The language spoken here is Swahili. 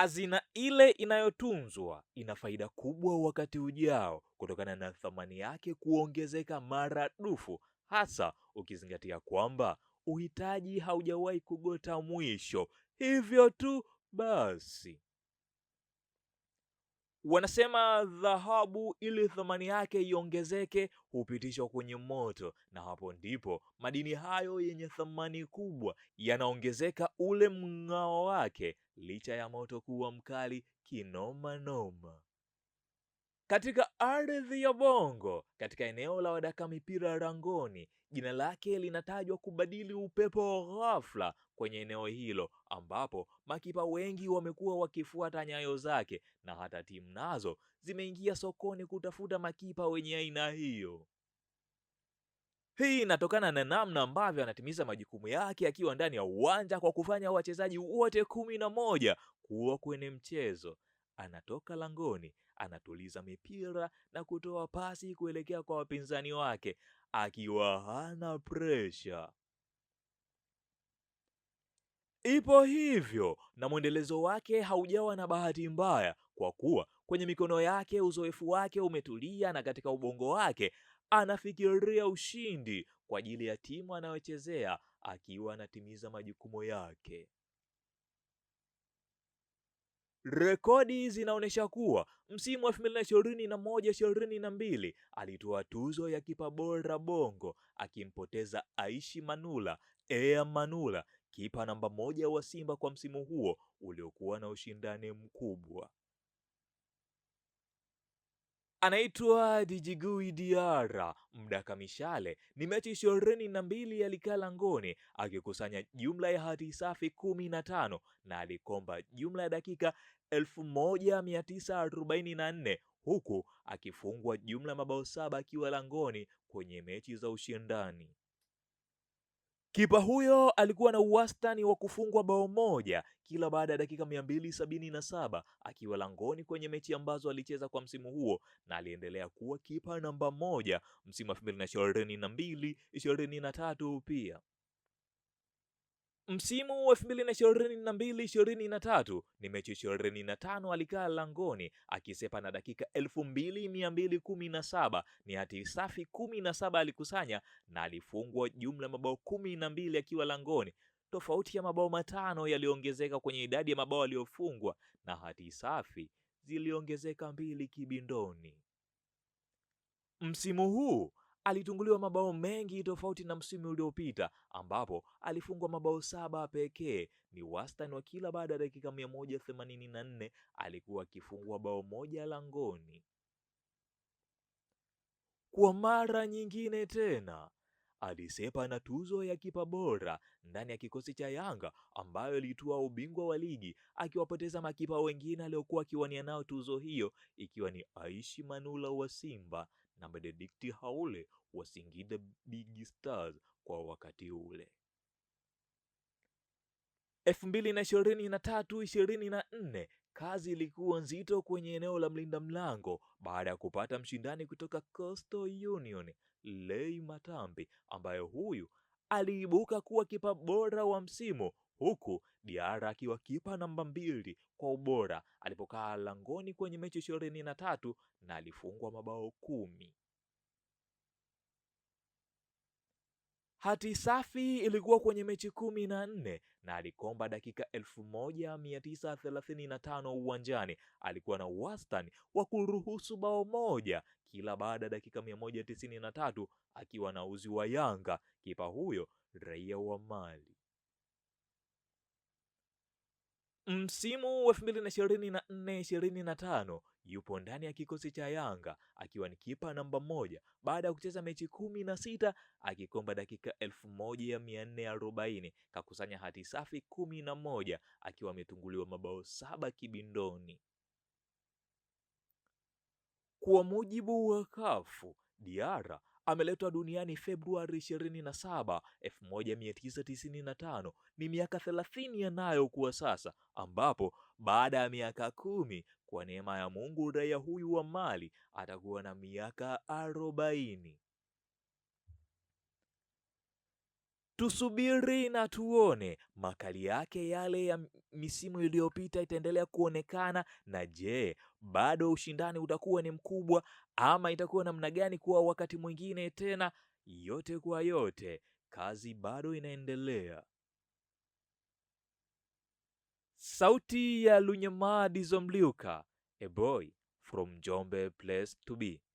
Hazina ile inayotunzwa ina faida kubwa wakati ujao kutokana na thamani yake kuongezeka maradufu, hasa ukizingatia kwamba uhitaji haujawahi kugota mwisho. Hivyo tu basi. Wanasema dhahabu ili thamani yake iongezeke hupitishwa kwenye moto, na hapo ndipo madini hayo yenye thamani kubwa yanaongezeka ule mng'ao wake, licha ya moto kuwa mkali kinomanoma katika ardhi ya Bongo, katika eneo la wadaka mipira rangoni jina lake linatajwa kubadili upepo wa ghafla kwenye eneo hilo, ambapo makipa wengi wamekuwa wakifuata nyayo zake na hata timu nazo zimeingia sokoni kutafuta makipa wenye aina hiyo. Hii inatokana na namna ambavyo anatimiza majukumu yake akiwa ndani ya uwanja kwa kufanya wachezaji wote kumi na moja kuwa kwenye mchezo. Anatoka langoni anatuliza mipira na kutoa pasi kuelekea kwa wapinzani wake akiwa hana presha. Ipo hivyo na mwendelezo wake haujawa na bahati mbaya, kwa kuwa kwenye mikono yake uzoefu wake umetulia na katika ubongo wake anafikiria ushindi kwa ajili ya timu anayochezea akiwa anatimiza majukumu yake. Rekodi zinaonyesha kuwa msimu wa 2021 22 alitoa tuzo ya kipa bora Bongo akimpoteza Aishi Manula, Ea Manula, kipa namba moja wa Simba kwa msimu huo uliokuwa na ushindani mkubwa. Anaitwa Djigui Diarra mdaka mishale ni mechi ishirini na mbili alikaa langoni akikusanya jumla ya hati safi kumi na tano na alikomba jumla ya dakika 1944 huku akifungwa jumla mabao saba akiwa langoni kwenye mechi za ushindani. Kipa huyo alikuwa na uwastani wa kufungwa bao moja kila baada ya dakika 277 akiwa langoni kwenye mechi ambazo alicheza kwa msimu huo na aliendelea kuwa kipa namba moja msimu wa 2022 2023 pia. Msimu wa 2022 23 ni mechi 25 alikaa langoni akisepa na dakika 2217 ni hati safi 17 alikusanya na alifungwa jumla mabao 12 akiwa langoni. Tofauti ya mabao matano yaliongezeka kwenye idadi ya mabao aliyofungwa na hati safi ziliongezeka mbili kibindoni. Msimu huu alitunguliwa mabao mengi tofauti na msimu uliopita ambapo alifungwa mabao saba pekee. Ni wastani wa kila baada ya dakika 184 alikuwa akifungua bao moja langoni. Kwa mara nyingine tena alisepa na tuzo ya kipa bora ndani ya kikosi cha Yanga ambayo ilitoa ubingwa wa ligi akiwapoteza makipa wengine aliokuwa akiwania nao tuzo hiyo, ikiwa ni Aishi Manula wa Simba na Benedict Haule wa Singida Big Stars kwa wakati ule. 2023 24 kazi ilikuwa nzito kwenye eneo la mlinda mlango baada ya kupata mshindani kutoka Coastal Union Lei Matambi, ambaye huyu aliibuka kuwa kipa bora wa msimu huku Diara akiwa kipa namba mbili kwa ubora alipokaa langoni kwenye mechi ishirini na tatu na alifungwa mabao kumi. Hati safi ilikuwa kwenye mechi kumi na nne na alikomba dakika elfu moja mia tisa thelathini na tano uwanjani. Alikuwa na wastani wa kuruhusu bao moja kila baada ya dakika mia moja tisini na tatu akiwa na uzi wa Yanga. Kipa huyo raia wa Mali Msimu wa 2024 tano yupo ndani ya kikosi cha Yanga akiwa ni kipa namba moja baada ya kucheza mechi kumi na sita akikomba dakika elfu moja mia nne arobaini kakusanya hati safi kumi na moja akiwa ametunguliwa mabao saba kibindoni. Kwa mujibu wa kafu Diara ameletwa duniani Februari 27, 1995. Ni miaka 30 yanayokuwa sasa, ambapo baada ya miaka kumi kwa neema ya Mungu raia huyu wa Mali atakuwa na miaka arobaini. Tusubiri na tuone, makali yake yale ya misimu iliyopita itaendelea kuonekana, na je, bado ushindani utakuwa ni mkubwa ama itakuwa namna gani kuwa wakati mwingine tena? Yote kwa yote, kazi bado inaendelea. Sauti ya Lunyemadi Zomliuka, a boy from Njombe place to be.